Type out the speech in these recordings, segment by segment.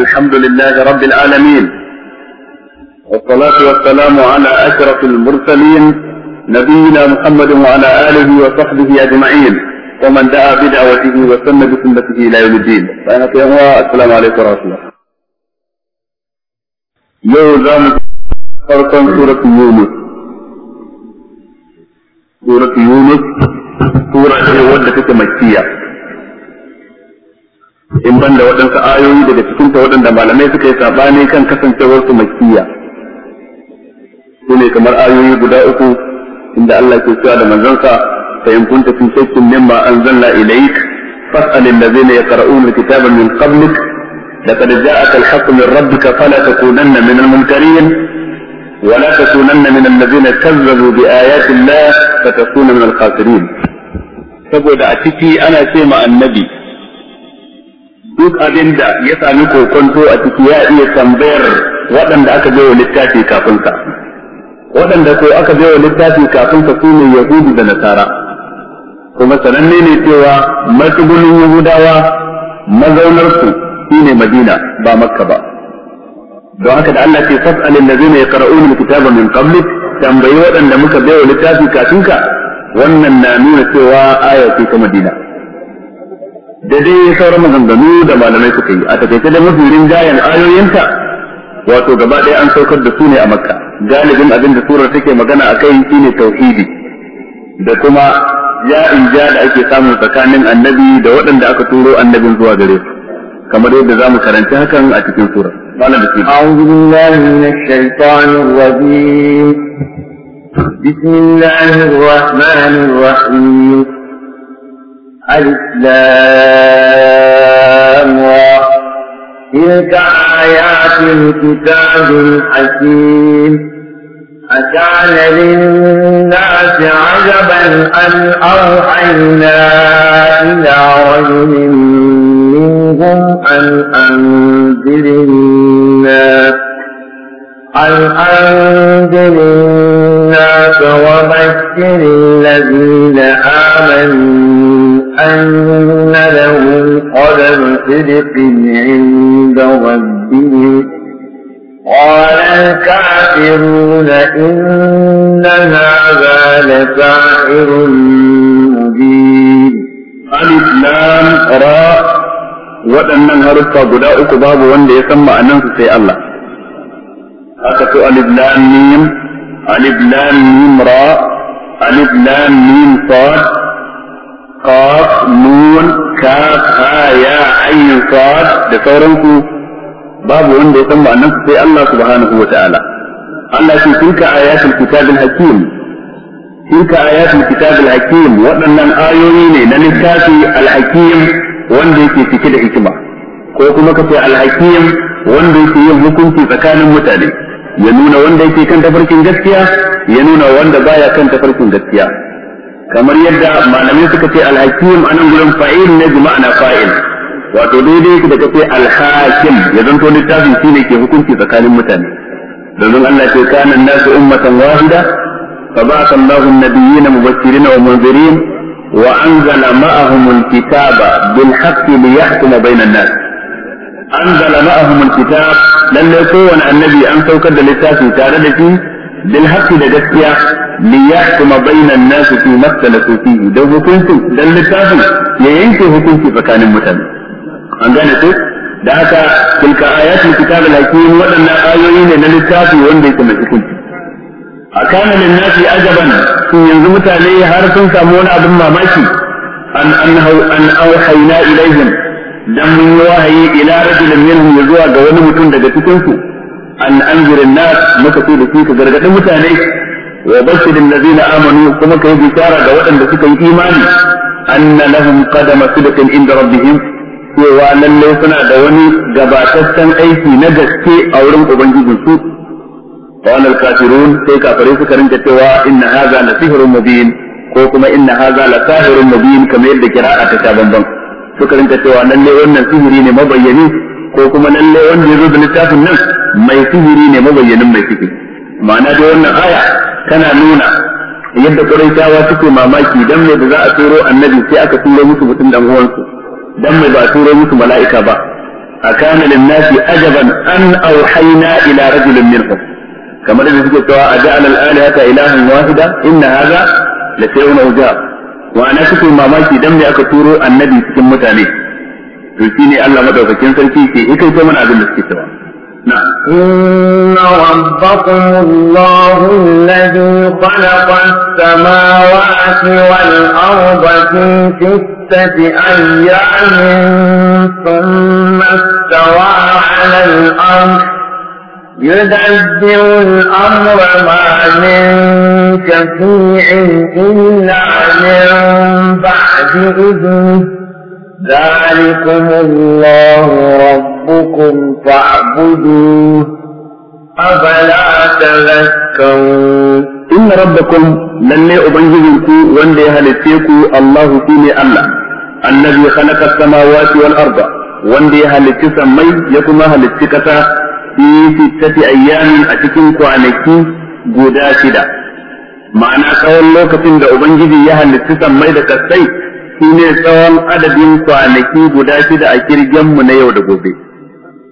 الحمد لله رب العالمين والصلاة والسلام على أشرف المرسلين نبينا محمد وعلى آله وصحبه أجمعين ومن دعا بدعوته وسن بسنته إلى يوم الدين السلام عليكم ورحمة الله يوم فرقا سورة يونس سورة يونس سورة سورة يونس in ban da waɗansu ayoyi daga cikin ta waɗanda malamai suka yi sabani kan kasancewar su makkiya su ne kamar ayoyi guda uku inda Allah ke cewa da manzansa fa in kunta fi shakkin mimma anzalna ilayk fas'al allazina yaqra'una alkitaba min qablik laqad ja'aka الحق min rabbika fala takunanna min almunkarin ولا تكونن من الذين كذبوا بآيات الله فتكون من الخاسرين saboda a ciki ana ce annabi duk abin da ya sami kokonto a ciki ya iya tambayar waɗanda aka bai wa littafi kafin sa waɗanda ko aka bai wa littafi kafin sa su ne yahudu da nasara kuma sananne ne cewa matsugunin yahudawa mazaunarsu ne madina ba makka ba don haka da Allah ke fas'al allazina yaqra'una kitaba min qablik tambayi waɗanda muka bai wa littafi kafin ka wannan na nuna cewa aya ce ta madina da dai sauran maganganu da malamai suka yi a takaice da mafi rinjayen ayoyinta wato gaba ɗaya an saukar da su ne a makka galibin abin da surar take magana a kai shine tauhidi da kuma ya ja da ake samu tsakanin annabi da waɗanda aka turo annabin zuwa gare su kamar yadda za mu karanci hakan a cikin surar أعوذ بالله من الشيطان الرجيم بسم الله الرحمن الرحيم الْأَسْلَامَ تلك آيات الكتاب الحكيم أكان للناس عجبا أن أوحينا إلى رجل منهم أن أنذر الناس أن أنذر الناس وبشر الذين آمنوا أن له قدم صدق عند ربه قال الكافرون إن هذا لساحر مبين ألف لام راء وأن هرب غداء كباب وأن يسمى أن في الله أتت ألف لام ميم ألف لام ميم راء ألف لام ميم صاد qaf nun kaf ha ya ayin sad da sauransu babu wanda ya san ma'anar sai Allah subhanahu wa ta'ala Allah ce tilka ayatul kitabil hakim tilka ayatul kitabil hakim waɗannan ayoyi ne na littafi al-hakim wanda yake cike da hikima ko kuma kace al-hakim wanda yake yin hukunci tsakanin mutane ya nuna wanda yake kan tafarkin gaskiya ya nuna wanda baya kan tafarkin gaskiya kamar yadda malamai suka ce alhakim anan gurin fa'il ne bi na fa'il wato daidai yake da kace alhakim ya zanto littafin shine ke hukunci tsakanin mutane domin Allah ce kana nasu ummatan wahida fa ba'atha Allahu na nabiyyina mubashirin wa munzirin wa anzala ma'ahum al bil haqqi liyahkuma bainan nas anzala ma'ahum al-kitab lalle kowane annabi an saukar da littafi tare da shi bil da gaskiya li yahkuma bainan nas fi masalatu fihi da hukunci dan littafin ya yanke hukunci tsakanin mutane an gane ko da haka tilka ayatul kitabil hakim waɗannan ayoyi ne na littafi wanda yake mai hukunci أكان للناس عجبا ينزمت عليه هارس سامون أبن ماماكي أن أنه أن أوحينا إليهم لم يوحي إلى رجل منهم يزوى mutum daga دقتكم an anzirin na muka ce da su ka gargaɗi mutane wa bashirin zina amanu kuma ka yi bishara ga waɗanda suka yi imani anna lahum qadama sidqin inda rabbihim cewa lalle suna da wani gabataccen aiki na gaske a wurin ubangijin su qala al-kafirun sai kafirai suka rinka cewa inna hadha la sihrun mubin ko kuma inna hadha la sahirun mubin kamar yadda kira'a ta ta bambam suka rinka cewa lalle wannan sihiri ne mabayyani ko kuma lalle wanda ya zo da littafin nan mai sihiri ne mabayyanin mai sihiri ma'ana da wannan aya tana nuna yadda ƙuraitawa suke mamaki dan mai da za a turo annabi sai aka turo musu mutum dan uwansu dan mai ba a turo musu mala'ika ba akana lin-nasi ajaban an auhayna ila rajulin minhum kamar da suke cewa a ja'ala al-alihata ilahan wahida inna hadha la shay'un ujab wa ana suke mamaki dan mai aka turo annabi cikin mutane to shine Allah madaukakin sarki ke ita ce mana abin da suke cewa نعم. إن ربكم الله الذي خلق السماوات والأرض في ستة أيام ثم استوى على الأرض يدبر الأمر ما من شفيع إلا من بعد إذنه ذلكم الله ربكم فاعبدوه أفلا تذكرون إن ربكم لن أبنجزكم وان ليهلتكم الله فيني الله الذي خلق السماوات والأرض وان ليهلتك سمي يكما هلتك في ستة أيام أتكم كوانكي قدا شدا ma'ana tsawon lokacin da ubangiji ya halitta sammai da kasai shi ne tsawon adadin kwanaki guda shida a mu na yau da gobe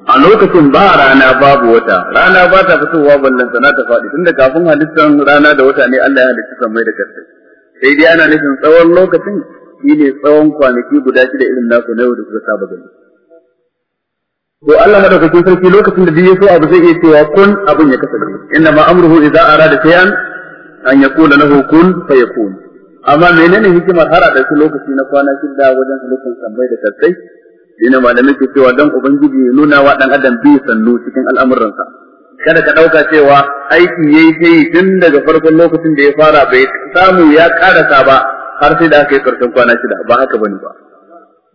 a lokacin ba rana babu wata rana ba ta fitowa ballan sana ta faɗi tunda kafin halittar rana da wata ne Allah ya halitta samai da karfi sai dai ana nufin tsawon lokacin shi ne tsawon kwanaki guda shida irin nasu na yau da kuka saba gani to Allah madaukakin sarki lokacin da biyu so abu zai iya cewa kun abin ya kasance inna ma amruhu idza arada shay'an an yaqula lahu kun fayakun amma menene hikimar har a ɗauki lokaci na kwana shida wajen halittar tambayi da tattai shine malamai ke cewa don ubangiji ya nuna wa ɗan adam biyu sannu cikin al'amuransa kada ka ɗauka cewa aiki yi sai tun daga farkon lokacin da ya fara bai samu ya karasa ba har sai da aka yi karshen kwana shida ba haka bane ba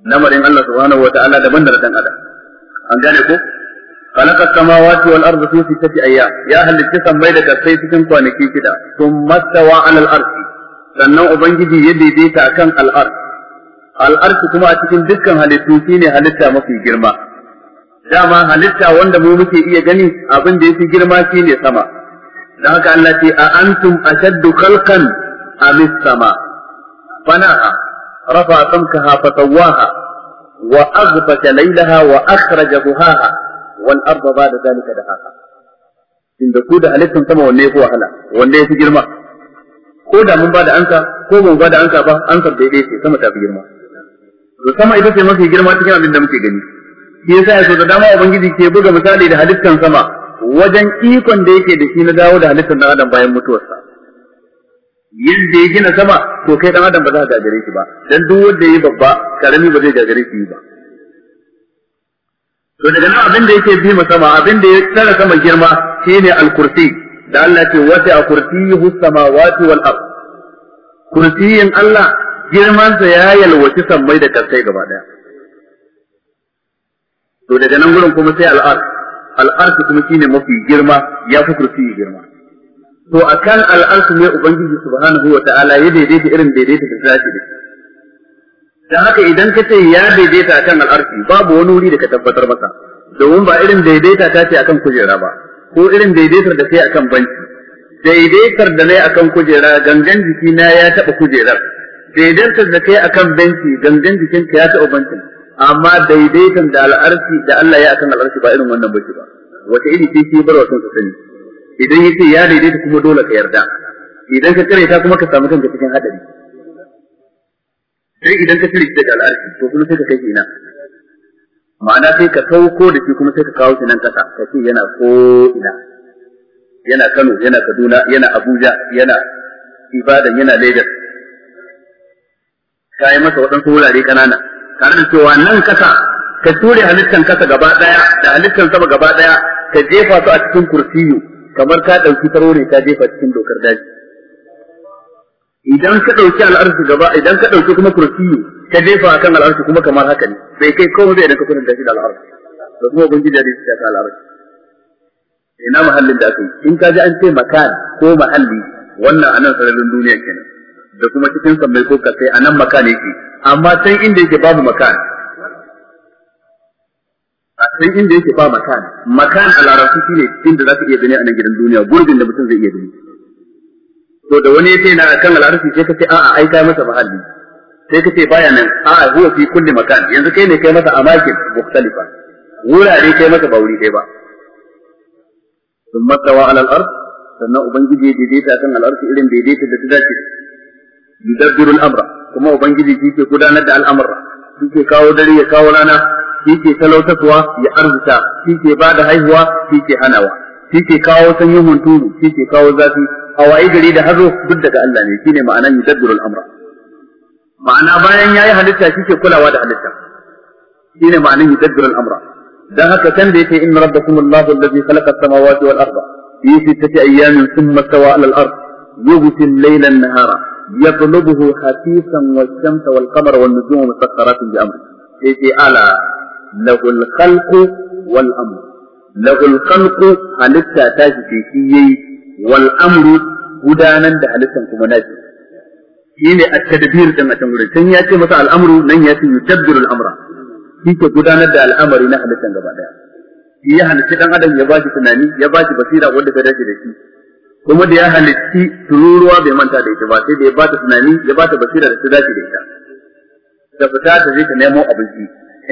Namarin Allah subhanahu wataala daban da dan adam an gane ko خلق السماوات والأرض في ستة أيام يا أهل الجسم بيدك في سكن كوانكي كده ثم استوى على الأرض sannan ubangiji ya daidaita a akan al'ar al'ar kuma a cikin dukkan halittu ne halitta mafi girma dama halitta wanda mu muke iya gani abin da ya fi girma shi ne sama Da haka Allah ce a antum ashaddu khalqan am sama banaha rafa samkaha fatawaha wa aghbata lailaha wa akhraja duhaha wal arda ba'da dhalika dahaha inda ku da halittan sama wanne ya fi wahala wanne ya fi girma ko da mun ba da ansa ko mun ba da ansa ba ansa daidai ce sama ta fi girma to sama ita ce mafi girma cikin abin da muke gani shi yasa ya so da dama ubangiji ke buga misali da halittan sama wajen ikon da yake da shi na dawo da halittan dan adam bayan mutuwarsa Yin da ya gina sama to kai dan adam ba za ka gagare shi ba dan duk wanda yayi babba karami ba zai gagare shi ba to daga nan abin da yake bi sama abin da ya tsara sama girma shine al-kursi da Allah ce wata a kursiyihu samawati wal ard Kurtiyin Allah girmansa ya yalwaci sammai da kasai gaba daya to daga nan gurin kuma sai al-ard kuma shine mafi girma ya fi kurtiyi girma to akan al-ard ne ubangiji subhanahu wa ta'ala ya daidaita irin daidaita da zaki da da haka idan ka ce ya daidaita akan al-ard babu wani wuri da ka tabbatar masa domin ba irin daidaita ta ce akan kujera ba ko irin daidaitar da kai akan banki daidaitar da nayi akan kujera gangan jiki na ya taba kujerar daidaitar da kai akan banki gangan ka ya taba bankin amma daidaitar da al'arshi da Allah ya akan al'arshi ba irin wannan baki ba wata iri ce shi bar wasan sani idan yace ya daidaita kuma dole ka yarda idan ka kare ta kuma ka samu kanka cikin hadari sai idan ka shirki da al'arshi to kuma sai ka kai ina ma'ana sai ka sauko da shi kuma sai ka kawo shi nan kasa ka ce yana ko ina yana Kano yana Kaduna yana Abuja yana Ibadan yana Lagos ka yi masa waɗansu wurare kanana tare da cewa nan kasa ka ture halittan kasa gaba daya da halittan sama gaba daya ka jefa su a cikin kursiyu kamar ka ɗauki tarore ka jefa cikin dokar daji idan ka ɗauki al'arsu gaba idan ka ɗauki kuma kursiyu ka jefa akan al'arshi kuma kamar haka ne bai kai komai zai da ka kunanta shi da al'arshi da kuma ubangiji da shi ta al'arshi ina mahallin da aka yi in ka ji an ce makan ko mahalli wannan anan sararin duniya kenan da kuma cikin sammai ko sai anan makan yake amma san inda yake babu makan a san inda yake ba makan makan a larabci shine inda za ka iya gani a nan gidan duniya gurbin da mutum zai iya gani to da wani ya ce na akan al'arshi sai ka ce a'a ai kai masa mahalli sai ka ce baya nan a huwa fi kulli makan yanzu kai ne kai masa amakin mukhtalifa wurare kai masa ba wuri kai ba thumma tawa ala al-ard sannan ubangiji ya daidaita kan al-ard irin daidaita da ta dace yudabbiru al-amra kuma ubangiji shi ke gudanar da al'amura shi ke kawo dare ya kawo rana shi ke talautarwa ya arzuta shi ke ba da haihuwa shi ke hanawa shi ke kawo sanyin hunturu shi ke kawo zafi a waye gari da hazo duk daga Allah ne shine ma'anan yudabbiru al-amra ma'ana bayan yayi halitta kike kulawa da halitta shine ma'anin yudabbiru al-amra dan haka kan da yake inna rabbakum allahu alladhi khalaqa as-samawati wal arda fi sittati ayyamin thumma stawa 'ala al-ard yughsi al-layla an-nahara yatlubuhu hatisan wash-shamsa wal-qamara wan-nujuma musakhkharatin bi amri yake ala lahul khalqu wal-amr lahul khalqu halitta ta shi yayi wal-amru gudanan da halittan kuma nashi shine ne a tadbir din a can can ya ce masa al'amru nan ya ce yudabbiru al'amra shi ke gudanar da al'amari na halittar gaba daya shi ya halitta dan adam ya ba shi tunani ya ba shi basira wanda ta dace da shi kuma da ya halitti tururuwa bai manta da ita ba sai da ya ba ta tunani ya ba ta basira da ta dace da ita da fita ta je ta nemo abinci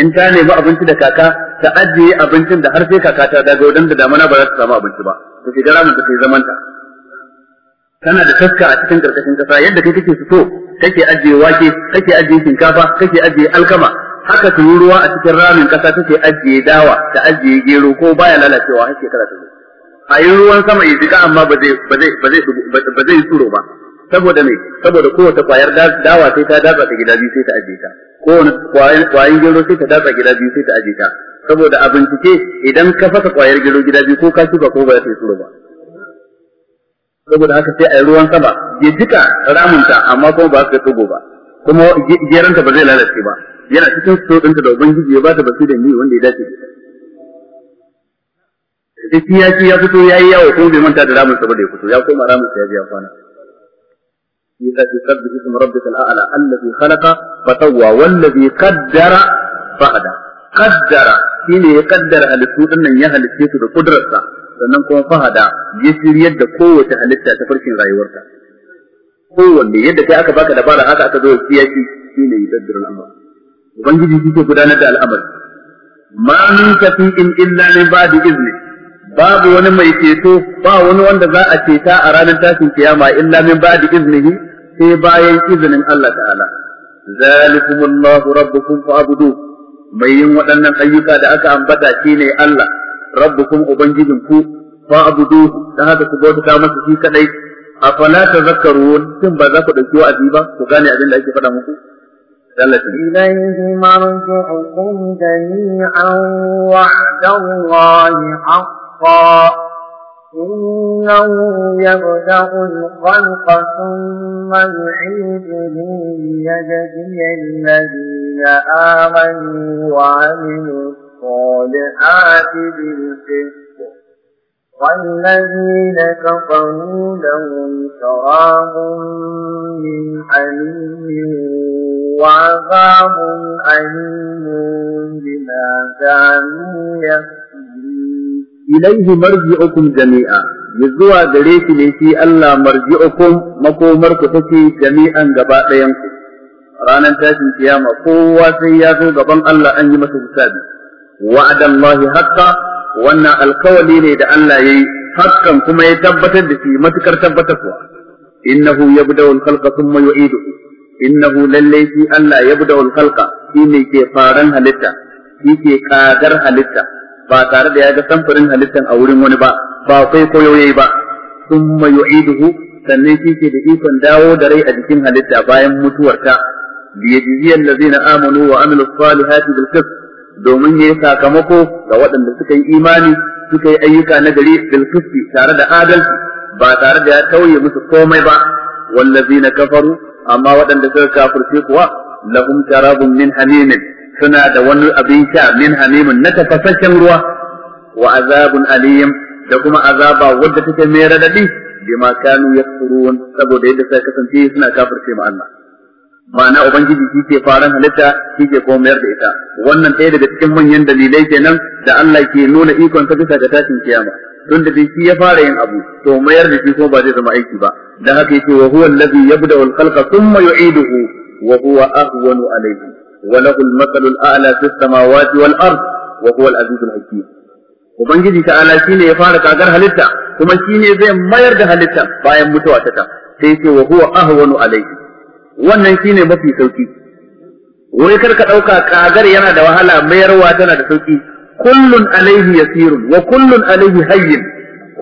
in ta nemi abinci da kaka ta ajiye abincin da har sai kaka ta daga dan da damana ba za ta samu abinci ba ta shiga ramin ta sai zamanta kana da taska a cikin karkashin kasa yadda kai kake fito kake ajiye wake kake ajiye shinkafa kake ajiye alkama haka ruwa a cikin ramin kasa take ajiye dawa ta ajiye gero ko baya lalacewa hake kada ta zo a yi ruwan sama ya jika amma ba zai ba zai ba zai tsuro ba saboda me saboda kowace kwayar dawa sai ta datsa ta gida biyu sai ta ajiye ta kowane kwayan gero sai ta datsa gida biyu sai ta ajiye ta saboda a bincike idan ka fasa kwayar gero gida biyu ko ka shuka ko ba zai tsuro ba saboda haka sai a yi ruwan sama ya jika ramunta amma kuma ba su tsogo ba kuma geranta ba zai lalace ba yana cikin so ɗinta da ubangiji ya ba ta basu da ni wanda ya dace da ita sai ya ci ya fito ya yi yawo kuma bai manta da ramunta ba da ya fito ya koma ramunta ya ji ya kwana يسبح ala ربك الأعلى الذي خلق فسوى والذي قدر فهدى shi ne ya kaddara halittu ɗannan ya halitte su da kudrarsa sannan kuma fahada ya shiryar da kowace halitta ta farkin rayuwarta kowanne yadda kai aka baka dabara haka aka zo ya shi ne ya kaddara al'amari ubangiji shi ke gudanar da al'amari ma min shafi'in illa min ba'di izni babu wani mai ceto ba wani wanda za a ceta a ranar tashin kiyama illa min ba'di iznihi sai bayan izinin Allah ta'ala zalikumullahu rabbukum fa'buduhu mai yin waɗannan ayyuka da aka ambata ne Allah rabbukum ubangijin ku fa duhu ta haka ku bauta masa shi kadai ta tazakkarun tun ba za ku dauki wa'azi ba ku gane abin da ake faɗa muku إليه مرجعكم wa, وعد الله إنه يبدأ الخلق ثم يعيده ليجزي الذين آمنوا وعملوا الصالحات بالقسط والذين كفروا لهم شراب من حليم وعذاب أليم بما كانوا يكفرون ilaihi marji'ukum jami'a zuwa gare shi ne shi Allah marji'ukum makomar ku take jami'an gaba ku ranar tashin kiyama kowa sai ya zo gaban Allah an yi masa hisabi wa'adan Allahi hatta wannan alkawali ne da Allah yayi hakan kuma ya tabbatar da shi matukar tabbatarwa innahu yabda'u al-khalqa thumma yu'iduhu innahu lallai shi Allah yabda'u al-khalqa shine ke faran halitta shi ke kadar halitta ba tare da ya ga samfurin halittar a wurin wani ba ba kai koyo ba thumma yu'iduhu sannan shi ke da ikon dawo da rai a jikin halitta bayan mutuwarta biyajiyyan allazina amanu wa amilus salihati bil qist domin yayi sakamako ga waɗanda suka yi imani suka yi ayyuka na gari bil tare da adalci ba tare da ya tauye musu komai ba wallazina kafaru amma waɗanda suka kafurce kuwa lahum sharabun min hamimin suna da wani abin sha min hamimin na tafasasshen ruwa wa azabun aliyim da kuma azaba wadda take mai radadi bima kanu yakfurun saboda yadda suka kasance suna kafirce ma Allah ma'ana ubangiji shi ke faran halitta shi ke kuma mayar da ita wannan ɗaya daga cikin manyan dalilai kenan da Allah ke nuna ikon ta bisa ga tashin kiyama don da shi ya fara yin abu to mayar da shi ko ba zai zama aiki ba Da haka yake wa huwa allazi yabda'u al-khalqa thumma yu'iduhu wa huwa ahwanu alayhi وله المثل الأعلى في السماوات والأرض وهو العزيز الحكيم Ubangiji تعالى ala shi ne ya fara kagar halitta kuma shi ne zai mayar da halitta bayan mutuwa ta ta wa wannan shi ne mafi sauki wai kar ka ɗauka kagar yana da wahala mayarwa tana da sauki kullun alaihi yasirun wa kullun alaihi hayyin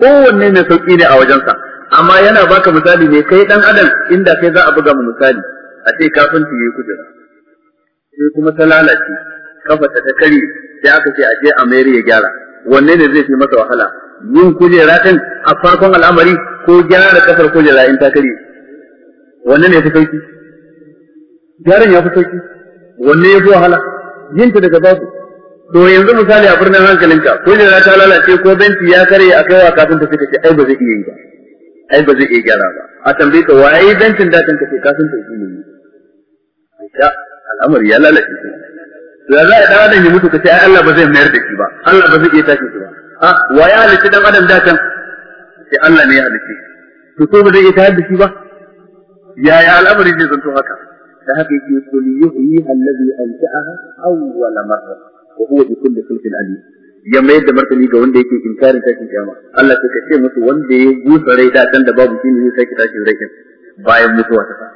kowanne ne sauki ne a wajensa amma yana baka misali ne kai ɗan adam inda kai za a buga mu misali a ce kafin ya yi kujera sai kuma ta lalace kafarta ta kare sai aka ce a je a mayar ya gyara wanne ne zai fi masa wahala yin kujera din a farkon al'amari ko gyara kasar kujera in ta kare wanne ne ya fi sauki gyaran ya fi sauki wanne ya fi wahala yin ta daga babu to yanzu misali a birnin hankalinka kujera ta lalace ko benci ya kare a kaiwa kafin ta suka ce ai ba zai iya yi ba ai ba zai iya gyara ba a tambayi ka waye bencin da kanka ce kafin ta yi ne al'amari ya lalace shi to ya za a dan adam ya mutu kace ai Allah ba zai mayar da shi ba Allah ba zai iya tashi shi ba a wa ya halitta dan adam da can sai Allah ne ya halitta to ko ba zai iya tayar da shi ba ya ya al'amari zai zanto haka da haka yake kul yuhyi allazi ansha'aha awwala marra wa huwa bi kulli khalqin alim ya mayar da martani ga wanda yake inkarin tashin kiyama Allah sai ka ce musu wanda ya gusa rai da can da babu shi ne zai sake tashin rai bayan mutuwa ta sa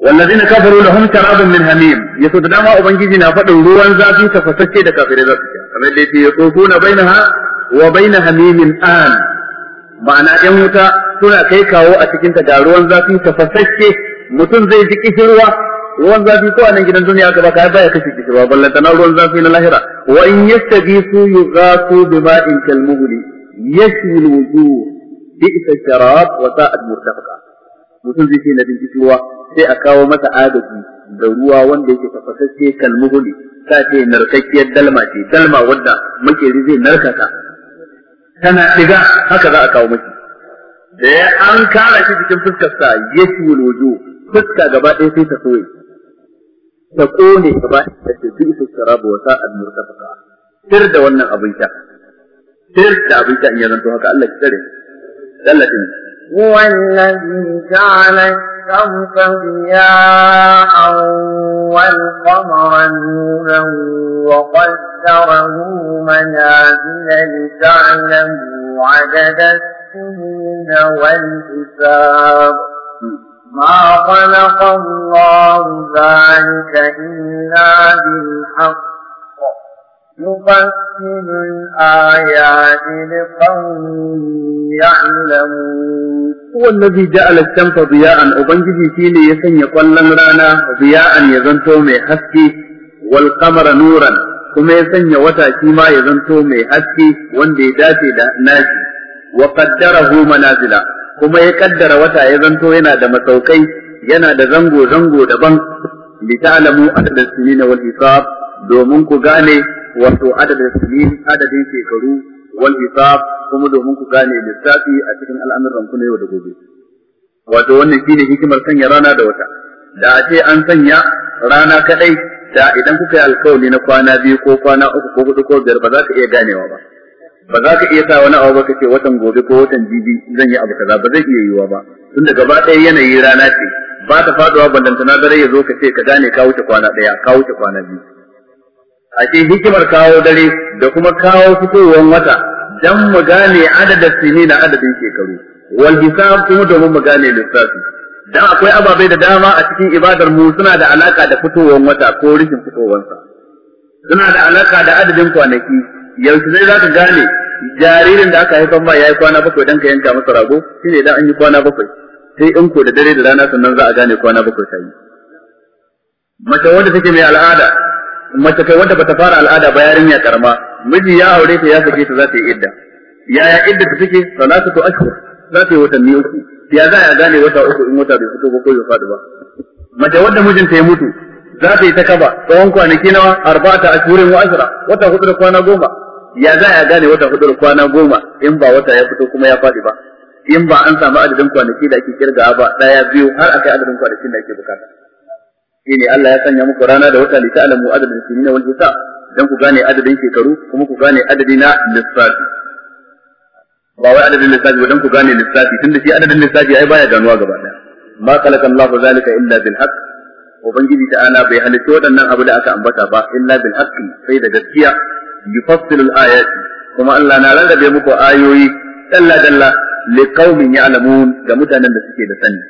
wallazina kafaru lahum sharabun min hamim yaso da dama ubangiji na faɗin ruwan zafi tafasacce da kafirai za su sha kamar da yake yaquluna bainaha wa an ma'ana ɗan wuta suna kai kawo a cikin ta ga ruwan zafi tafasacce mutum zai ji kishirwa ruwan zafi ko a nan gidan duniya aka baka baya kashe kishirwa ballanta na ruwan zafi na lahira wa in yastagisu bima'in kalmuhli yashwi mutum zai sai a kawo masa agaji da ruwa wanda yake kan kalmuhuli ta ce narkakkiyar dalma ce dalma wadda makeri zai narkaka tana ɗiga haka za a kawo maki da ya an kara shi cikin sa ya ci wulojo fuska gaba ɗaya sai ta soye ta kone gaba da ta bi su sharabu wa sa'ad murtafaka sir da wannan abin ta, sir da abin ta in ya zanto haka Allah ya tsare Allah ya tsare هو والشمس ضياء والقمر نورا وقدره منازل لتعلموا عدد السنين والحساب ما خلق الله ذلك إلا بالحق يفسر الآيات لقوم يعلمون هو الذي جعل الشمس ضياء أبنجي فيني يسن يقول لن رانا ضياء يزنتو مي حسكي والقمر نورا كما يسن يوتا كيما يزنتو مي حسكي واندي داتي دا ناشي وقدره منازلا كما يقدر وتا يزنتو هنا دا مسوكي ينا دا زنغو زنغو دا بنك لتعلموا عدد السنين والحساب دومنكو ku wato adadin sinin adadin shekaru wal hisab kuma domin ku gane lissafi a cikin al'amuran ku ne yau da gobe wato wannan shine hikimar sanya rana da wata da a ce an sanya rana kadai da idan kuka yi alƙawari na kwana biyu ko kwana uku ko hudu ko biyar ba za ka iya ganewa ba ba za ka iya sa wani abu ba kace watan gobe ko watan jibi zan yi abu kaza ba zai iya yiwuwa ba tunda gaba ɗaya yanayi rana ce ba ta faduwa ballantana dare ya zo ka ce ka gane ka wuce kwana ɗaya ka wuce kwana biyu a hikimar kawo dare da kuma kawo fitowar wata dan mu gane adadin sini na adadin shekaru wal hisab kuma domin mu gane lissafi dan akwai ababai da dama a cikin ibadar mu suna da alaka da fitowar wata ko rikin fitowar sa, suna da alaka da adadin kwanaki yanzu zai zaka gane jaririn da aka haifar ma yayi kwana bakwai dan ka yanka masa rago shine dan an yi kwana bakwai sai in ko da dare da rana sannan za a gane kwana bakwai ta yi mace wanda take mai al'ada mace kai wanda bata fara al'ada ba yarinya karama miji ya aure ta ya sake ta za ta yi idda yaya idda ta take salatu ashur za ta yi watanni uku ya za a gane wata uku in wata bai fito ba ko ya faɗi ba mace wanda mijin ta ya mutu za ta yi ta kaba tsawon kwanaki nawa arba'ata ashurin wa ashra wata hudu da kwana goma ya za a gane wata hudu da kwana goma in ba wata ya fito kuma ya faɗi ba in ba an samu adadin kwanaki da ake kirga ba daya biyu har akai adadin kwanakin da ake bukata ne Allah ya sanya muku rana da wata li alamu adadin sinin wal hisab dan ku gane adadin shekaru kuma ku gane adadi na lissafi ba wai adadin lissafi ba dan ku gane lissafi tunda shi adadin lissafi ai baya ganuwa gaba daya ma khalaqa Allahu zalika illa bil haqq ubangiji ta'ala bai halitta waɗannan abu da aka ambata ba illa bil haqqi sai da gaskiya yufassilu al ayati kuma Allah na rarrabe muku ayoyi dalla dalla liqaumin ya'lamun ga mutanen da suke da sani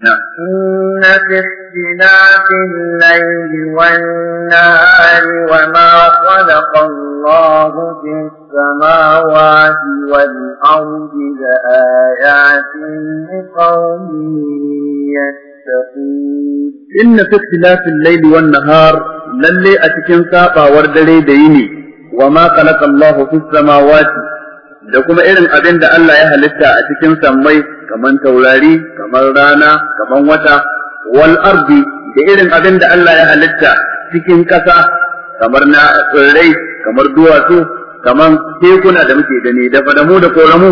إن في اختلاف الليل والنهار وما خلق الله في السماوات والأرض لآيات لقوم يتقون إن في اختلاف الليل والنهار للي أتكن ساقا وردلي ديني وما خلق الله في السماوات da kuma irin abin da Allah ya halitta a cikin sammai kamar taurari kamar rana kamar wata wal ardi da irin abin da Allah ya halitta cikin ƙasa kamar na tsirrai kamar duwatsu kamar tekuna da muke gani da fadamu da koramu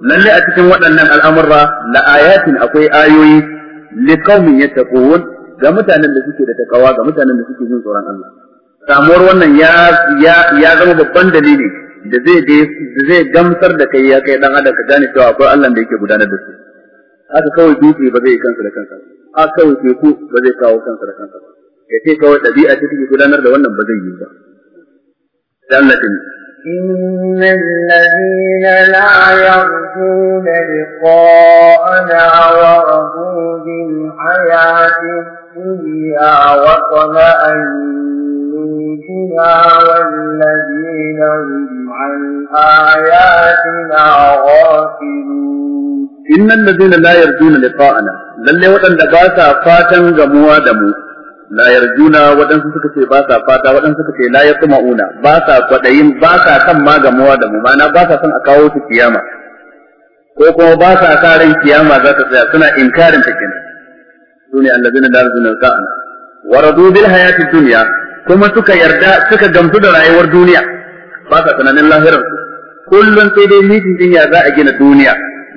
lalle a cikin waɗannan al'amurra la ayatin akwai ayoyi li qaumin yattaqun ga mutanen da suke da takawa ga mutanen da suke jin tsoron Allah samuwar wannan ya zama babban dalili da zai gamsar da kai ya kai dan adam ka gane cewa akwai Allah da yake gudanar da su Aka kawai dutse ba zai kansa da kansa Aka kawai teku ba zai kawo kansa da kansa ya ce kawai ɗabi'a ce, take gudanar da wannan ba zai yi ba dan latin إن الذين لا يرجون لقاءنا ورضوا بالحياة الدنيا وطمأنوا بها والذين هم عن آياتنا غافلون إن الذين لا يرجون لقاءنا lalle waɗanda ba sa fatan gamuwa da mu la yarjuna waɗansu suka ce ba sa fata waɗansu suka ce la yasma'una ba sa kwaɗayin ba sa san ma gamuwa da mu ma'ana ba sa san a kawo su kiyama ko kuma ba sa karin kiyama za ta tsaya suna inkarin ta kenan su ne allazina la yarjuna ka'ana wa radu bil hayati dunya kuma suka yarda suka gamsu da rayuwar duniya ba sa tunanin lahirar su kullum sai dai mitin din ya za a gina duniya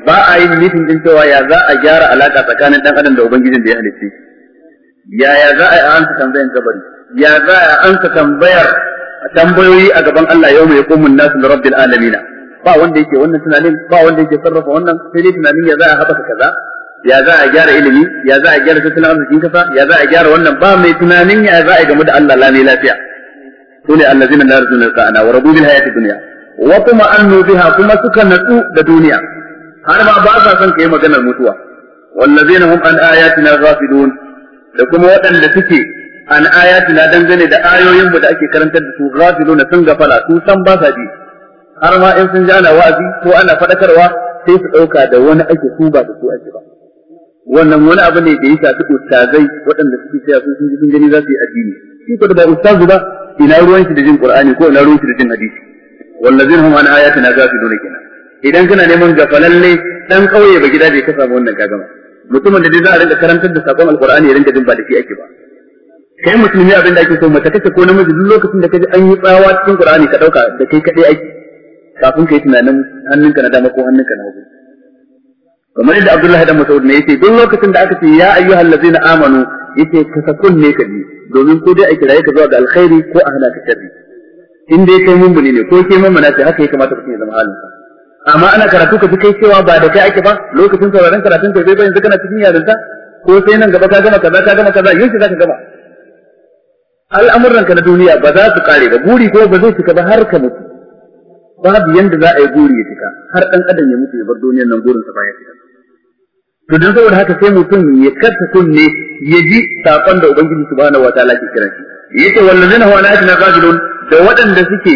ba a yin mitin din cewa ya za a gyara alaka tsakanin dan adam da ubangijin da ya halitta ya ya za a yi ansa tambayan kabari ya za a ansa tambayar tambayoyi a gaban Allah yau mai kumun nasu da rabbil alamin ba wanda yake wannan tunanin ba wanda yake sarrafa wannan sai dai tunanin ya za a haɓaka kaza ya za a gyara ilimi ya za a gyara tattalin arzikin kasa ya za a gyara wannan ba mai tunanin ya za a game da Allah lami lafiya sune allazina la yarjuna sa'ana wa radu bil hayati dunya wa kuma annu biha kuma suka natsu da duniya har ma ba sa son kai maganar mutuwa wallazina hum an ayatina ghafilun da kuma waɗanda suke an ayatina dangane da ayoyin mu da ake karantar da su ghafiluna sun gafala su san ba sa ji har ma in sun ji ana wa'azi ko ana fadakarwa sai su dauka da wani ake su ba da su ake ba wannan wani abu ne da ya shafi ustazai waɗanda suke cewa sun ji sun gani za su yi addini shi ko da ba ustazu ba ina ruwan shi da jin qur'ani ko ina ruwan shi da jin hadisi wallazin hum an ayatina ghafilun kenan idan kana neman gafalalle dan kauye ba gida bai ka samu wannan kagama mutumin da dai za a rinka karantar da sakon alqur'ani ya rinka jin ba da shi ake ba kai musulmi abin da ake so mace kace ko namiji duk lokacin da kaji an yi tsawa cikin qur'ani ka dauka da kai kadai ake kafin kai tunanin hannunka na dama ko hannunka na hagu kamar yadda Abdullahi dan Mas'ud ne yace duk lokacin da aka ce ya ladzina amanu yace ka sakun ne ka ji domin ko dai a kiraye ka zuwa ga alkhairi ko a hana ka sharri in dai kai mummuni ne ko kai mummuna ce haka ya kamata mutum ya zama halin amma ana karatu ka fi kai cewa ba da kai ake ba lokacin sauraron karatun kai bai ba yanzu kana cikin yarinta ko sai nan gaba ka gama kaza ka gama kaza yanzu za ka gama al'amuran ka na duniya ba za su kare ba buri ko ba zai cika ba har ka mutu babu yanda za a yi buri ya cika har dan adam ya mutu ya bar duniyar nan burin sa ba ya cika to dan saboda haka sai mutum ya karta kunne ya ji sakon da ubangiji subhanahu wataala ke kiran shi yace wallazina huwa na ayatina ghafilun da waɗanda suke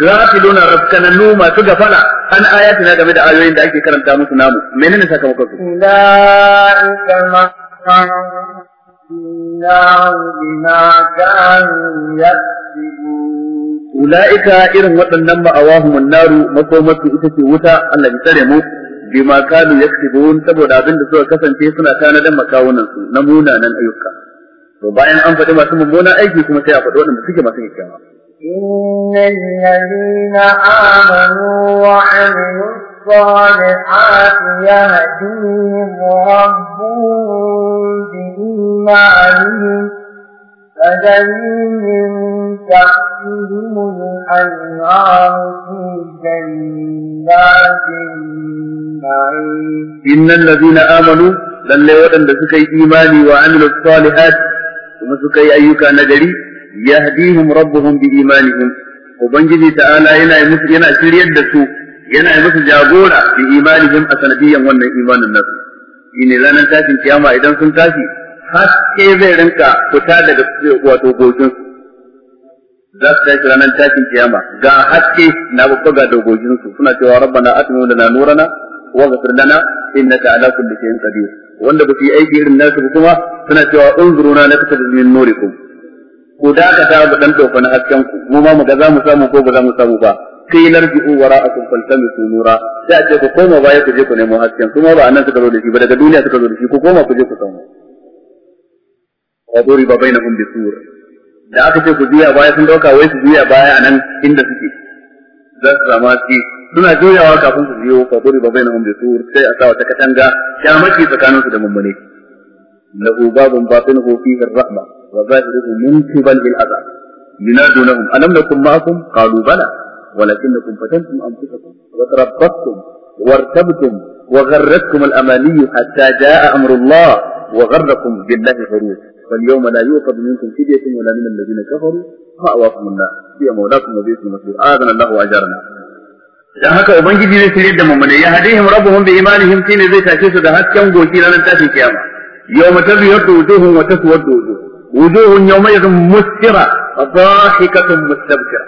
ghafiluna rafkananu masu gafala an ayatina game da ayoyin da ake karanta musu namu menene sakamakon su ulaika ma ulaika irin waɗannan ma'awahumun naru makomarsu ita ce wuta Allah ya tsare mu bima kanu yaktubun saboda abin da suka kasance suna tanadan makawunan su na munanan ayyuka to bayan an faɗi masu mummunan aiki kuma sai a faɗi waɗanda suke masu kyakkyawa إن الذين آمنوا وعملوا الصالحات يهديهم ربهم بإيمانهم فدني من تحتهم الأنعام النعيم إن الذين آمنوا لن لودن بسكي إيماني وعملوا الصالحات ومسكي أيك نجري يهديهم ربهم بإيمانهم وبنجدي تعالى هنا ينا سريا دسو ينا يمس جابولا بإيمانهم أسنبيا وانا إيمان النفس إن لنا تاتي القيامة إذا كنت haske zai rinka fita daga wato su za su tashi ranar tashin kiyama ga haske na babba ga dogogin su suna cewa na, atmi lana na wa ghfir lana innaka ala kulli shay'in qadir wanda ba su yi aiki irin nasu ba kuma suna cewa unzuruna na kasa min nurikum ku dakata ba dan tofa na hasken ku mu ma mu ga za mu samu ko ba za mu samu ba kai larji'u wara'akum su nura sai a ce ku koma baya ku je ku nemo hasken kuma ba anan suka zo da shi ba daga duniya suka zo da shi ku koma ku je ku samu وضرب بينهم بسور da aka ce ku biya baya sun dauka wai su biya baya nan inda suke za su zama ci suna juyawa kafin su biyo fa duri ba bainahum bi sur sai a sawa ta katanga ya maki tsakanin su da mummune lahu babun batinuhu fihi ar-rahma wa zahiruhu munkiban bil azab ينادونهم ألم نكن معكم قالوا بلى ولكنكم فتنتم أنفسكم وتربصتم وارتبتم وغرتكم الأماني حتى جاء أمر الله وغركم بالله غرور فاليوم لا يؤخذ منكم فدية ولا من الذين كفروا مأواكم النار هي مولاكم وبئس المصير آذن الله أجرنا dan haka ubangiji zai shirye da mu'mini ya hadihim rabbuhum bi imanihim shine zai tashe su da hasken goshi ranar tashin kiyama yawma tabyadu wujuhum wa taswadu wujuh wujuhun yawma yadhum musfira dhahikatun mustabkira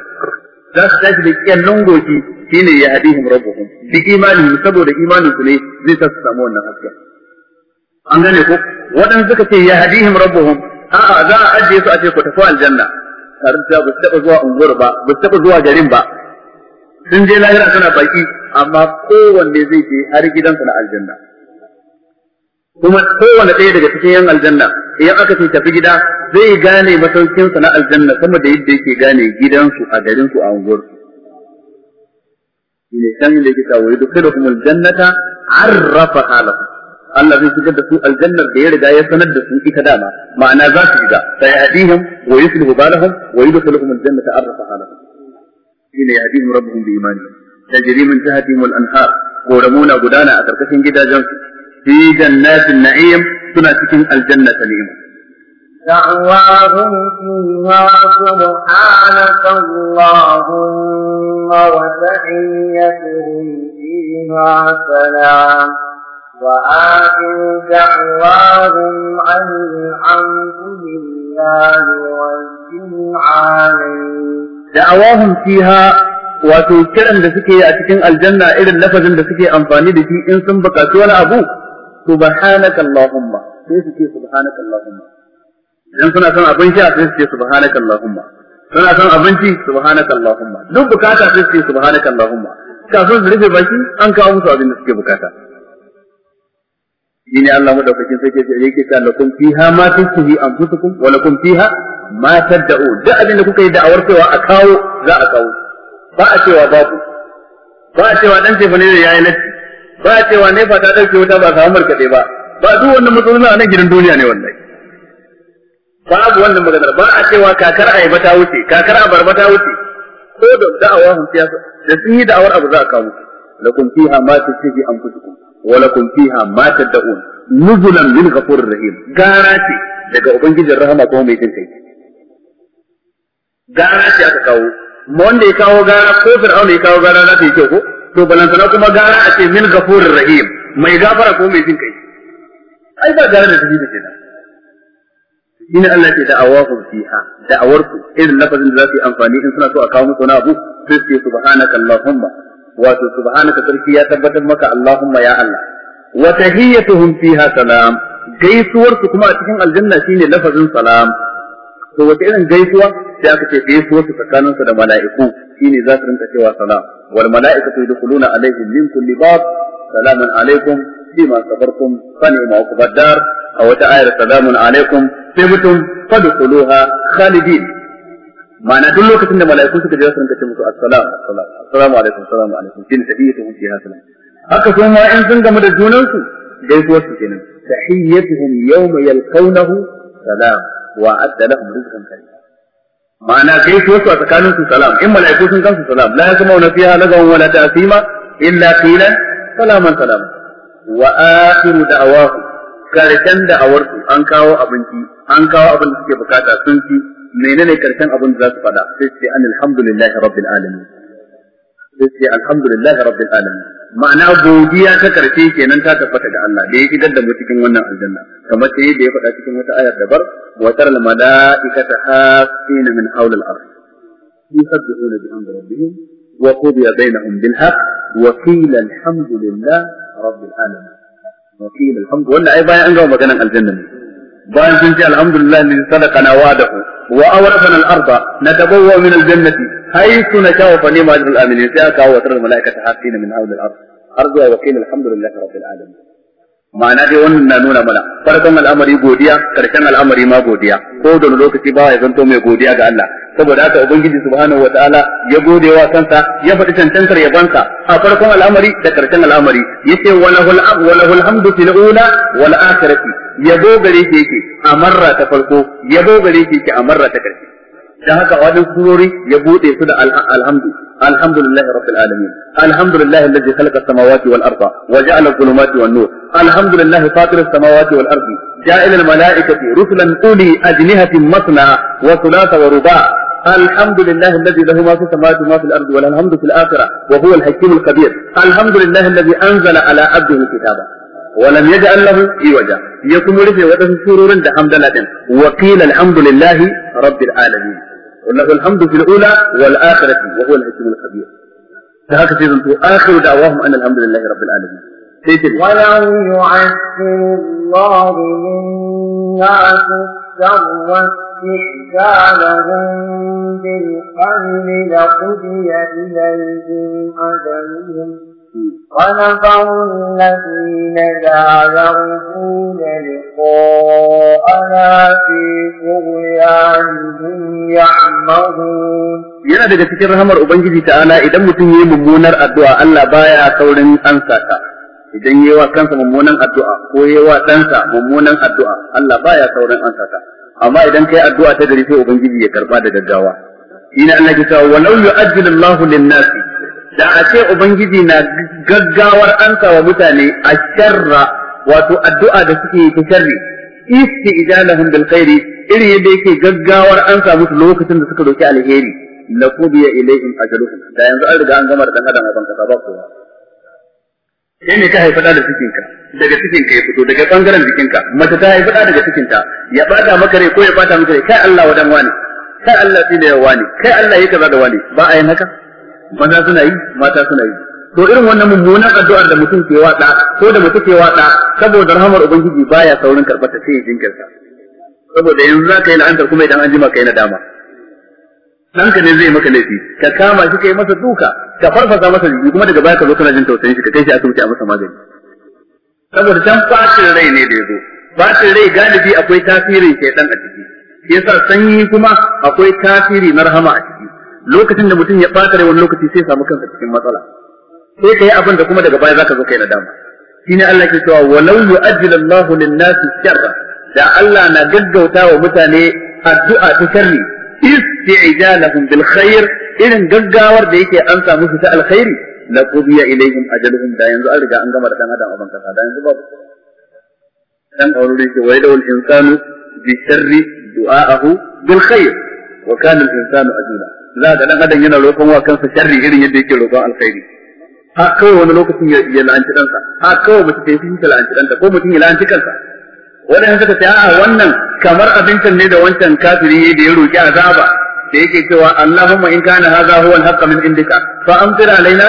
za su tashi da kyallon goshi shine ya hadihim rabbuhum bi imanihim saboda imanin su ne zai sa su samu wannan hasken an gane ko waɗansu suka ce ya hadihim rabbuhum a'a za a ajiye su a ce ku tafi aljanna tare da ba su taɓa zuwa unguwar ba ba su taɓa zuwa garin ba sun je lahira suna baki amma kowanne zai je har gidansa na aljanna kuma kowanne ɗaya daga cikin yan aljanna idan aka ce tafi gida zai gane masaukinsa na aljanna sama da yadda yake gane gidansu a garinsu a unguwarsu ne dan da yake tawaye dukkan kuma aljannata arrafa halakum Allah zai shigar da su aljannar da ya riga ya sanar da su ita dama ma'ana za su shiga fa yahdihim wa yuslihu balahum wa yudkhiluhum aljannata arrafaha lahum shine yahdihim rabbuhum bi imani tajri min tahtihim al-anhar koramuna gudana a karkashin gidajen su fi jannatin na'im suna cikin aljanna ta ni'ima دعواهم فيها سبحانك اللهم وتحيتهم فيها سلام وآتوا دعواهم عن الحمد لله رب العالمين دعواهم فيها wato kiran da suke yi a cikin aljanna irin lafazin da suke amfani da shi in sun bukaci wani abu subhanaka allahumma sai su ce subhanaka allahumma idan suna son abin sha sai su ce subhanaka allahumma suna son abinci subhanaka allahumma duk bukata sai su ce subhanaka allahumma kafin su rufe baki an kawo musu abin da suke bukata ne Allah madaukakin sarki sai yake cewa lakum fiha ma tasbi anfusukum wa lakum fiha ma tad'u da abin da kuka yi da'awar cewa a kawo za a kawo ba a cewa babu ba a cewa dan tefa ne da yayi latti ba a cewa ne fata dauke wuta ba samu markade ba ba duk wannan matsalolin a nan gidan duniya ne wallahi babu wannan maganar ba a cewa kakar ayaba ta wuce kakar abarba ta wuce ko da da'awa hun siyasa da sun yi da'awar abu za a kawo lakum fiha ma tasbi anfusukum walakum fiha ma tad'un nuzulan min ghafurir rahim gara ce daga ubangijin rahama kuma mai jin gara ce aka kawo wanda ya kawo gara ko fir'auna ya kawo gara za ta yi kyau ko to balantana kuma gara a ce min ghafurir rahim mai gafara ko mai jin kai ai ba gara da tafi da kenan shine Allah ke da'awahum fiha da'awarku irin lafazin da za yi amfani in suna so a kawo musu wani abu sai wato subhanaka sarki ya tabbatar maka Allahumma ya Allah wa tahiyyatuhum fiha salam gaisuwar su kuma a cikin aljanna shine lafazin salam to wata irin gaisuwa sai aka ce gaisuwar su tsakanin su da mala'iku shine za su rinka cewa salam wal mala'ikatu yadkhuluna alaihim min kulli bab salamun alaikum bima sabartum fa ni'ma uqbad dar a wata ayar salamun alaikum tibtum fadkhuluha khalidin ma'ana duk lokacin da mala'iku suka je su rinka ce musu assalamu assalamu assalamu alaikum assalamu alaikum shine tahiyyatuhum fiha salam haka su ma in sun gama da junan su gaisuwar su kenan tahiyyatuhum yawma yalqawnahu salam wa adda lahum rizqan karim ma'ana gaisuwar su a tsakanin su salam in mala'iku sun kansu salam la yasma'una fiha lagawan wala ta'sima illa qilan salaman salaman wa akhiru da'awahu karshen da'awarsu an kawo abinci an kawo abin da suke bukata sun ci menene karshen abin da za su faɗa sai su ce an alhamdulillahi rabbil alamin sai su ce alhamdulillahi rabbil alamin ma'ana godiya ta karshe kenan ta tabbata ga Allah da ya shigar da mu cikin wannan aljanna kamar sai da ya faɗa cikin wata ayar dabar wa taral malaikata hafina min hawl al-ard yusabbihuna bi amri rabbihim wa qudiya bainahum bil haqq wa qila alhamdulillahi rabbil alamin wa qila alhamdu wannan ai bayan an gama maganan aljanna ne bayan sun ce alhamdulillah min sadaqana wa'adahu وأورثنا الأرض نتبوأ من الجنة حيث نشاء فنعم أجر الآمنين سيأكا وترى الملائكة حافين من حول الأرض أرضها الحمد لله رب العالمين ma'ana dai wannan na nuna mana farkon al'amari godiya karshen al'amari ma godiya ko da lokaci ba ya zanto mai godiya ga Allah saboda haka ubangiji subhanahu wataala ya gode wa kansa ya faɗi cancantar yabansa a farkon al'amari da karshen al'amari yace walahul hamdu fil ula wal akhirati yabo gare shi yake a marra ta farko yabo gare shi yake a marra ta karshe dan haka wajen surori ya bude su da alhamdu alhamdulillahi rabbil alamin alhamdulillahi alladhi khalaqa as-samawati wal arda wa ja'ala adh-dhulumati wan nur alhamdulillahi fatir as-samawati wal ardi ja'ila al-mala'ikati rusulan uli ajnihatin masna wa thulatha wa ruba' الحمد لله الذي له ما في السماوات وما في الارض وله الحمد في الاخره وهو الحكيم الخبير الحمد لله الذي انزل على عبده الكتاب ولم يجعل له عوجا يكون رفع وتس سرورا ده حمد لله وقيل الحمد لله رب العالمين وله الحمد في الأولى والآخرة وهو الحكيم الخبير فهكذا في آخر دعواهم أن الحمد لله رب العالمين ولو يعجل الله للناس الشر استحسانهم بالخير لقضي إليهم أجلهم ونذر الذين جعلوا دون لقاءنا في طغيانهم يعمهون yana daga cikin rahamar Ubangiji ta'ala idan mutum yi mummunar addu'a Allah baya saurin ansa ta idan yi wa kansa mummunan addu'a ko yi wa ɗansa mummunan addu'a Allah baya saurin ansa ta amma idan kai addu'a ta gari sai Ubangiji ya karba da gaggawa ina Allah ke cewa walau yu'ajjilu Allahu lin-nasi da a ce ubangiji na gaggawar ansa wa mutane a sharra wato addu'a da suke yi ta sharri isti ijalahum bil khairi irin yadda yake gaggawar ansa musu lokacin da suka roki alheri laqudiya ilaihim ajaluhum da yanzu an riga an gama da dan adam a banka ba ko sai ne ka haifa da cikin ka daga cikin ka ya fito daga bangaren cikin ka mace ta haifa daga cikin ta ya bada maka rai ko ya bata maka rai kai Allah wadan wani kai Allah sai da wani kai Allah yake da wani ba a yin haka maza suna yi mata suna yi to irin wannan mummunan addu'ar da mutum ke wada ko da mutum ke wada saboda rahamar ubangiji baya saurin karbata sai ya jinkirta saboda yanzu za ka yi la'anta kuma idan an jima kai na dama ɗanka ne zai maka laifi ka kama shi kai masa duka ka farfasa masa jiki kuma daga baya ka zo kana jin tausayin shi ka kai shi asibiti a masa magani saboda can bacin rai ne da ya zo bacin rai galibi akwai tasirin shaidan a ciki yasa sanyi kuma akwai tasiri na rahama a ciki lokacin da mutum ya ɓata rai wani lokaci sai samu kansa cikin matsala sai kai abin da kuma daga baya zaka zo kai nadama shi ne Allah ke cewa walau yu'ajjilu Allahu lin-nasi sharra da Allah na gaggauta wa mutane addu'a ta sharri isti'jalahum bil khair irin gaggawar da yake an samu su ta alkhairi la qudiya ilaihim ajaluhum da yanzu an riga an gama da dan adam a ban kasa da yanzu babu dan aure ke wai wal insanu bi sharri du'a'ahu bil khair wa kana al-insanu ajula za ga dan adam yana roƙon wa kansa sharri irin yadda yake roƙon alkhairi ha kawai wani lokacin ya la'anci ɗansa ha kawai mutum ya yi la'anci ɗanta ko mutum ya la'anci kansa waɗanda suka ce a'a wannan kamar abincin ne da wancan kafiri da ya roƙi azaba da yake cewa Allahumma in kana hadha huwa al-haqq min indika fa amtir alaina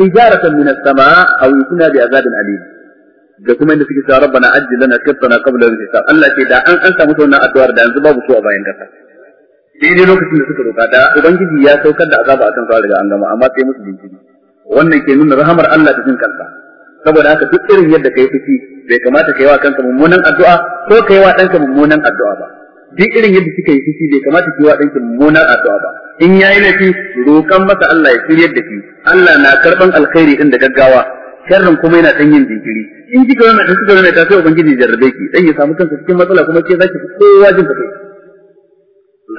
hijaratan min as-samaa aw yutina bi azabin alim da kuma inda suke cewa rabbana ajjil lana qitana qabla al-hisab Allah ce da an an samu wannan addu'ar da yanzu babu su a bayan kasa daidai lokacin da suka roƙa da ubangiji ya saukar da azaba akan su daga an gama amma sai musu jinkiri wannan ke nuna rahamar Allah cikin kansa saboda haka duk irin yadda kai fushi bai kamata kai wa kanka mummunan addu'a ko kai wa danka mummunan addu'a ba duk irin yadda kika yi fushi bai kamata ki wa danka mummunan addu'a ba in yayi laifi roƙan masa Allah ya shiryar da ki. Allah na karban alkhairi din da gaggawa sharrin kuma yana dan yin jinkiri in kika wannan da kika ta sai ubangiji jarrabe ki dan ya samu kanka cikin matsala kuma ke zaki kowa jin kai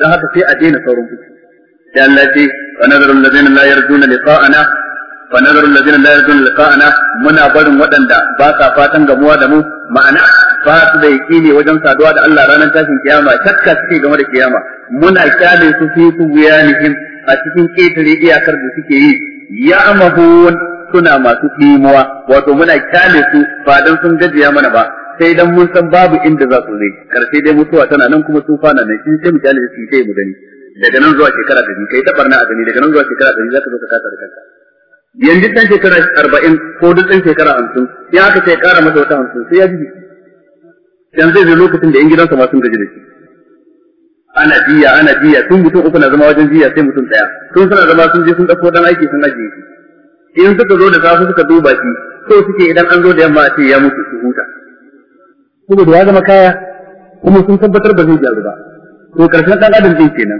don haka sai a daina saurin fushi da Allah ce fa nazarul ladina la yarjuna liqa'ana fa nazarul ladina la yarjuna liqa'ana muna barin waɗanda ba sa fatan gamuwa da mu ma'ana ba su da yaqini wajen saduwa da Allah ranar tashin kiyama shakka suke game da kiyama muna kyale su fi su wuyanihim a cikin ƙetare iyakar da suke yi ya'mahun suna masu ɗimuwa wato muna kyale su ba dan sun gajiya mana ba sai dan mun san babu inda za su zai karshe dai mutuwa tana nan kuma tufa na ne shi sai mu kyale shi sai mu gani daga nan zuwa shekara ta biyu kai ta barna a gani daga nan zuwa shekara ta biyu ka zo ka kasa da kanka yanzu dan shekara arba'in ko duk dan shekara hamsin ya aka ce kara masa wata hamsin sai ya ji dan zai zo lokacin da yan gidansa ma sun gaji da shi ana jiya ana jiya tun mutum uku na zama wajen jiya sai mutum daya tun suna zama sun je sun dauko dan aiki sun ajiye shi in suka zo da safe suka duba shi so suke idan an zo da yamma a ce ya mutu su huta saboda ya zama kaya kuma sun tabbatar ba zai gyaru ba to karshen dan adam zai kenan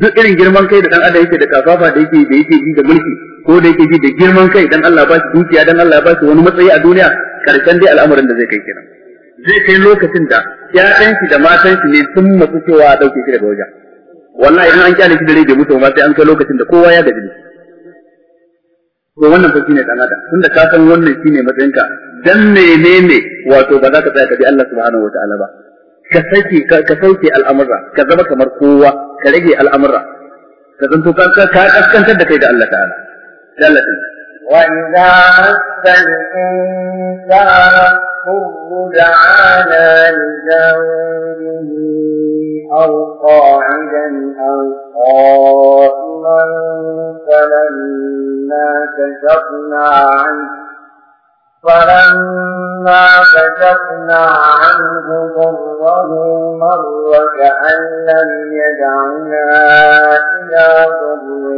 duk irin girman kai da dan adam yake da kafafa da yake da yake da mulki ko da yake ji da girman kai dan Allah ba shi dukiya dan Allah ba shi wani matsayi a duniya karshen dai al'amarin da zai kai kenan zai kai lokacin da ƴaƴan shi da matan shi ne sun matsu cewa a dauke shi daga wajen wallahi idan an kyale shi da rai bai mutu ba sai an kai lokacin da kowa ya gaji to wannan fa shine dan adam tunda ka san wannan shine matsayinka dan menene wato ba za ka tsaya ka bi Allah subhanahu wataala ba ka sauke ka sauke al'amura ka zama kamar kowa ka rage al'amura ka zanto ka ka kaskantar da kai da Allah ta'ala da Allah ta'ala wa idza masal insana kullu da'ana li janbihi أو قاعدا أو قائما فلما كشفنا عنه فلما كشفنا عنه ضره مر كأن لم يدعنا إلى ضر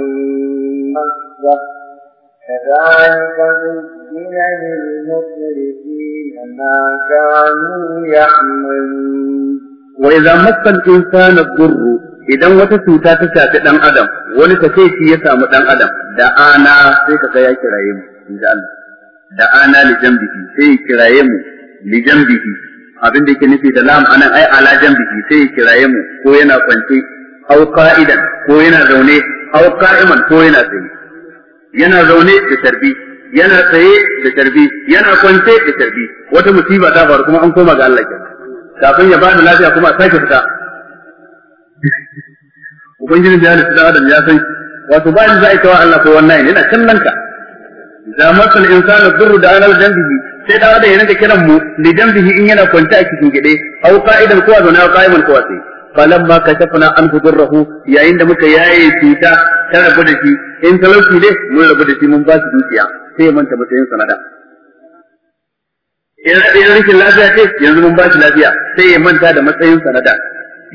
مسه كذلك زين للمسرفين ما كانوا يحملون وإذا مس الإنسان الضر idan wata cuta ta shafi dan adam wani ta ce shi ya samu dan adam da ana sai ka ga ya kiraye mu in Allah da ana li jambihi sai ya kiraye mu li jambihi abin da yake nufi da lam anan ai ala jambihi sai ya kiraye mu ko yana kwance au qa'idan ko yana zaune au qa'iman ko yana tsaye yana zaune da tarbi yana tsaye da tarbi yana kwance da tarbi wata musiba ta faru kuma an koma ga Allah kenan kafin ya bani lafiya kuma a sake fita ubangiji da ya halitta adam ya san wato bayan ni za a yi kawa Allah ko wannan yana kallon ka da masal insanu durru da anar dambihi sai da da yana da kiran mu li dambihi in yana kwanta a cikin gide au qa'idan kuwa zauna au qa'iman kuwa sai falamma kashafna an durruhu yayin da muka yaye cuta ta rabu da shi in talauci ne mun rabu da shi mun ba shi dukiya sai manta matsayin sanada in rikin lafiya ce yanzu mun ba shi lafiya sai ya manta da matsayin sanada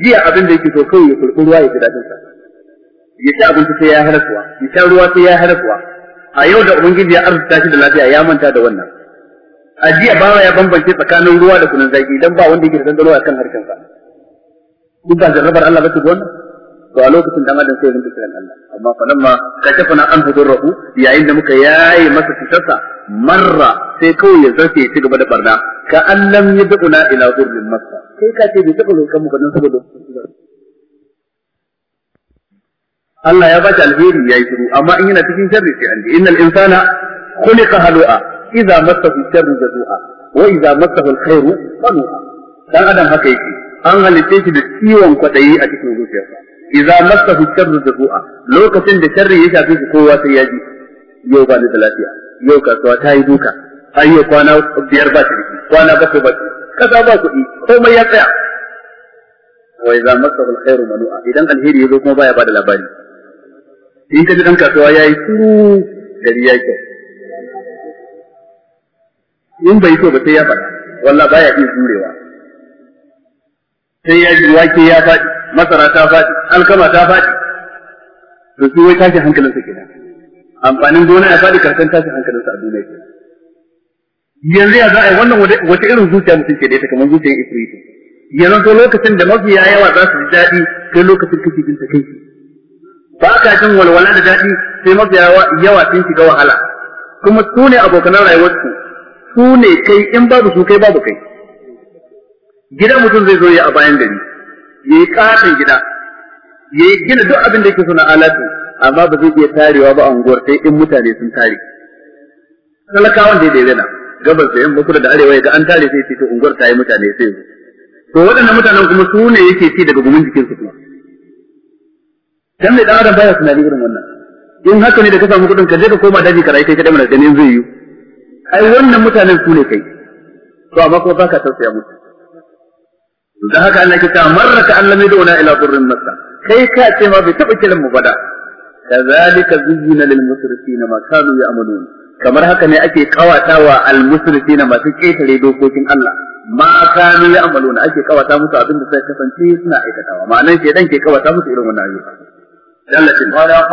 jiya abin da yake so kawai ya kurkuru ruwa ya ji daɗinsa. sa ya ci abinci sai ya halakuwa ya sha ruwa sai ya halakuwa a yau da ubangiji ya arzuta shi da lafiya ya manta da wannan a jiya bawa ya bambance tsakanin ruwa da kunun zaki idan ba wanda yake da dandalo a kan harkar sa duk ba jarrabar Allah bace wannan to a lokacin dan adam sai ya rinka Allah amma tafi na an rahu yayin da muka yaye masa fitarsa marra sai kawai ya zarce ya ci gaba da barna ka an allam yad'una ila dhurrin masa kai ka ce bai taɓa roƙan mu ba don saboda Allah ya bashi alheri ya yi shiru amma in yana cikin sharri sai an ji innal insana khuliqa halu'a idza massahu sharru jazua wa idza massahu alkhairu qanu'a dan adam haka yake an halitta shi da ciwon kwadayi a cikin zuciyarsa idza massahu sharru jazua lokacin da sharri ya shafe shi kowa sai ya ji yau ba ni da lafiya yau kasuwa ta yi duka an yau kwana biyar ba shi kwana bakwai ba shi kaza ba kuɗi komai ya tsaya wa idza massahu alkhairu manu'a idan alheri ya zo kuma baya bada labari in ka ji ɗan kasuwa ya yi shiru gari ya kyau in bai so ba sai ya faɗa wallah baya iya jurewa sai ya ji wake ya faɗi masara ta faɗi alkama ta faɗi to su wai tashi hankalinsa gida. amfanin gona ya faɗi karshen tashi hankalinsa a duniya ke. yanzu ya za a yi wannan wata irin zuciya mutum ke da ita kamar zuciyar ifritu yanzu lokacin da mafiya yawa za su ji daɗi kai lokacin kake jin takaici ba ka jin walwala da daɗi sai mafiya yawa sun shiga wahala kuma su ne abokan rayuwarku su ne kai in babu su kai babu kai gida mutum zai zo ya a bayan gari ya yi katon gida ya yi gina duk abin da yake suna alatu amma ba zai iya tarewa ba a unguwar sai in mutane sun tare talakawan da ya daidai gabas da yamma kudu da arewa ga an tare sai ce to unguwar ta yi mutane sai to waɗannan mutanen kuma su ne yake ci daga gumin jikinsu kuma dan mai dan adam baya tunani irin wannan in haka ne da ka samu kudin ka je ka koma daji ka rayu kai ka mana ganin zai yi ai wannan mutanen su ne kai to amma kuma baka tausaya musu da haka Allah ke ta marraka Allah mai dona ila durrin masa kai ka ce ma bai taba kiran mu ba da kazalika zuyyina lil musrifina ma kanu ya'malun kamar haka ne ake kawatawa al musrifina masu ketare dokokin Allah ma kanu ya'maluna ake kawata musu abin da sai kasance suna aikatawa ma'anan shedan ke kawata musu irin wannan ayyuka ولقد أهلكنا القرون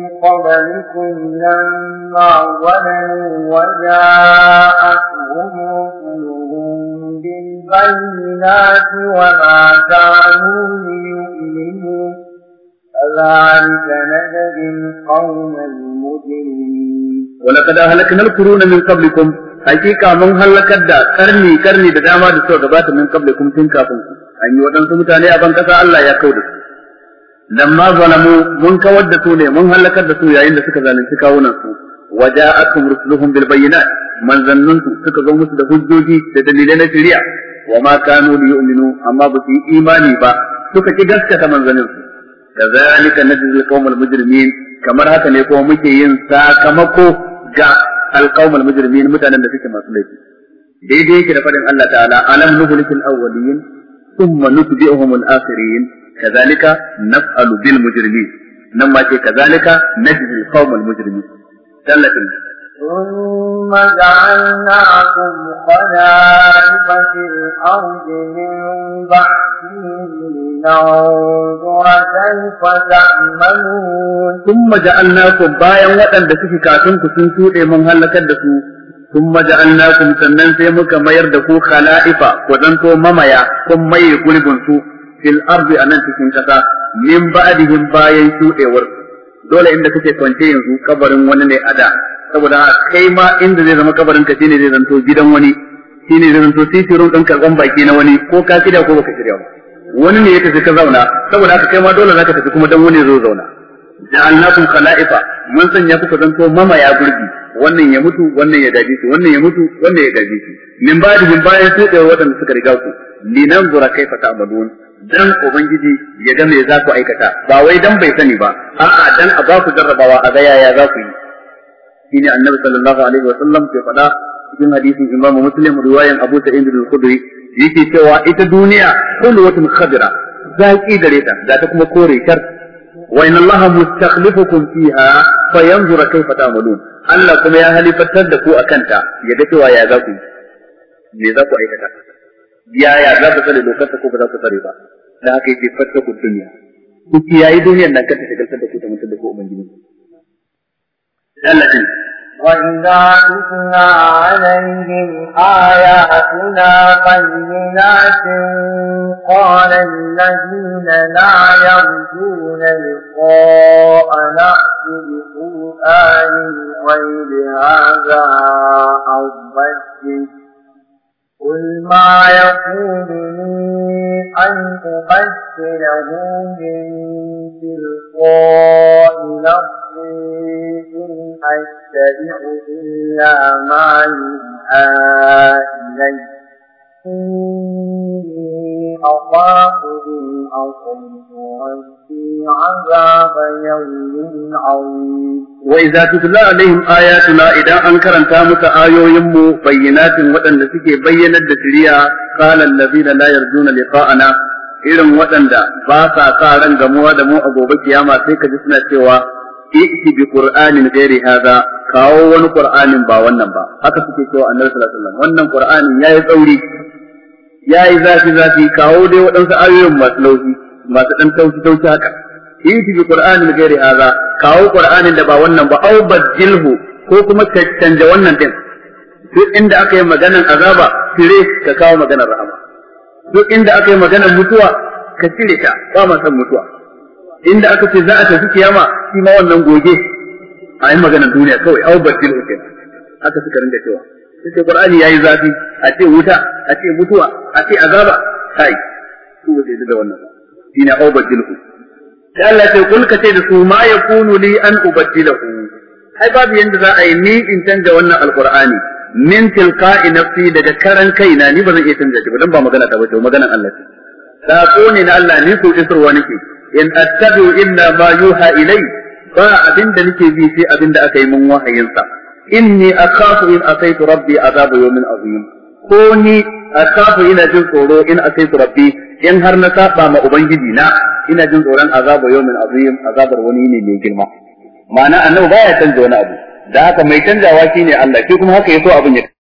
من قبلكم لما ظلموا وجاءتهم رسلهم بالبينات وما كانوا ليؤمنوا كذلك نجزي القوم المجرمين ولقد أهلكنا القرون من قبلكم hakika mun halakar da karni karni da dama da suka gabata min kable kuma tun kafin an yi waɗansu mutane a ban kasa Allah ya kauda su ma zalamu mun kawar da su ne mun halakar da su yayin da suka zalunci kawunan su waja'akum rusuluhum bil bayyinat man zannantu suka zo musu da hujjoji da dalilai na shari'a wa ma kanu yu'minu amma ba su imani ba suka ki gaskata manzannin su kazalika najzil qawmal mujrimin kamar haka ne kuma muke yin sakamako ga alqaumul mujrimin mutanen da suke masu laifi daidai yake da fadin Allah ta'ala alam nuhlikil awwalin thumma nutbi'uhum al-akhirin kadhalika naf'alu bil mujrimin nan ma ce kadhalika najzi al-qaumul mujrimin ثم جعلناكم خلائف في الأرض من بعدهم لننظر كيف تعملون ثم جعلناكم بايا وطن دسك كاتم كسنسو من هلك دسو ثم جعلناكم سنن سيمك ما يردكو خلائف وزنتو ممايا ثم يقول بنسو في الأرض أن تكين كتا من بعدهم بايا سوء ورد dole inda kake kwance yanzu kabarin wani ne ada saboda kai ma inda zai zama kabarin ka shine zai zanto gidan wani shine zai zanto sisirun dan karban baki na wani ko ka kida ko baka shirya ba wani ne ya tafi ka zauna saboda haka kai ma dole zaka tafi kuma dan wani zo zauna ja'alnakum khala'ifa mun sanya kuka zanto mamaya gurbi wannan ya mutu wannan ya gaji shi wannan ya mutu wannan ya gaji shi min ba'di min bayan su da wadanda suka riga ku linan zura kaifa ta'malun dan ubangiji ya ga me za ku aikata ba wai dan bai sani ba a'a dan a ba ku jarrabawa a ga yaya za ku yi شيني النبي صلى الله عليه وسلم في قضاء في حديث الإمام مسلم رواية أبو سعيد الخدري يكي سوى إتا دنيا حلوة خضرة ذاك إيدا ليتا ذاتكم كوري كر وإن الله مستخلفكم فيها فينظر كيف تعملون الله كما يا هلي فتدكوا أكنتا يدكوا يا ذاكم لذاكوا أي كتا يا يا ذاك فلدو كتكوا فتاكوا فريبا ذاك يجي فتكوا الدنيا كي يا دنيا أنك تتكلم التي وإذا تتلى عليهم آياتنا بينات قال الذين لا يرجون لقاء نأتي بقرآن غير هذا أو بدله قل ما يقول لي أن أبشره من تلقاء نفسي إن أتبع إلا ما يوحى إلي إني أخاف إن عصيت ربي idan يوم عظيم وإذا تتلى عليهم آياتنا إذا أنكرت مك آيو يمو بينات وأن تكي بينت دسريا قال الذين لا يرجون لقاءنا irin waɗanda ba sa sa ran gamuwa da mu a gobe kiyama sai ka ji suna cewa i'ti bi qur'anin ghairi hadha kawo wani qur'anin ba wannan ba haka suke cewa annabi sallallahu alaihi wasallam wannan qur'anin yayi tsauri ya yi zafi zafi kawo dai waɗansu ayoyin masu laushi masu ɗan taushi taushi haka in ti bi qur'anin gairi haza kawo qur'anin da ba wannan ba au badilhu ko kuma ka canja wannan din duk inda aka yi maganar azaba fire ka kawo maganar rahama duk inda aka yi maganar mutuwa ka cire ta ba ma san mutuwa inda aka ce za a tafi kiyama shi ma wannan goge a yi maganar duniya kawai au badilhu kenan haka suka rinda cewa sai Qur'ani yayi zafi a ce wuta a ce mutuwa a ce azaba kai su da da wannan dina ubadilhu sai Allah sai kul kace da su ma yakunu li an ubadilahu ai babu yanda za a yi ni in canja wannan alqur'ani min tilqa'i nafsi daga karan kaina ni ba zan iya canja shi ba dan ba magana ta ba ce maganan Allah ce sako ne na Allah ni ko isarwa nake in attabi illa ma yuha ilai ba abinda nake bi sai abinda aka yi mun wahayin sa inni akhafu in asaitu rabbi azaba yawmin azim ko ni akhafu ina jin tsoro in asaitu rabbi in har na saba ma ubangiji na ina jin tsoron azaba yawmin azim azabar wani ne mai girma ma'ana annabi baya canza wani abu da haka mai canjawa shine Allah shi kuma haka yaso abin ya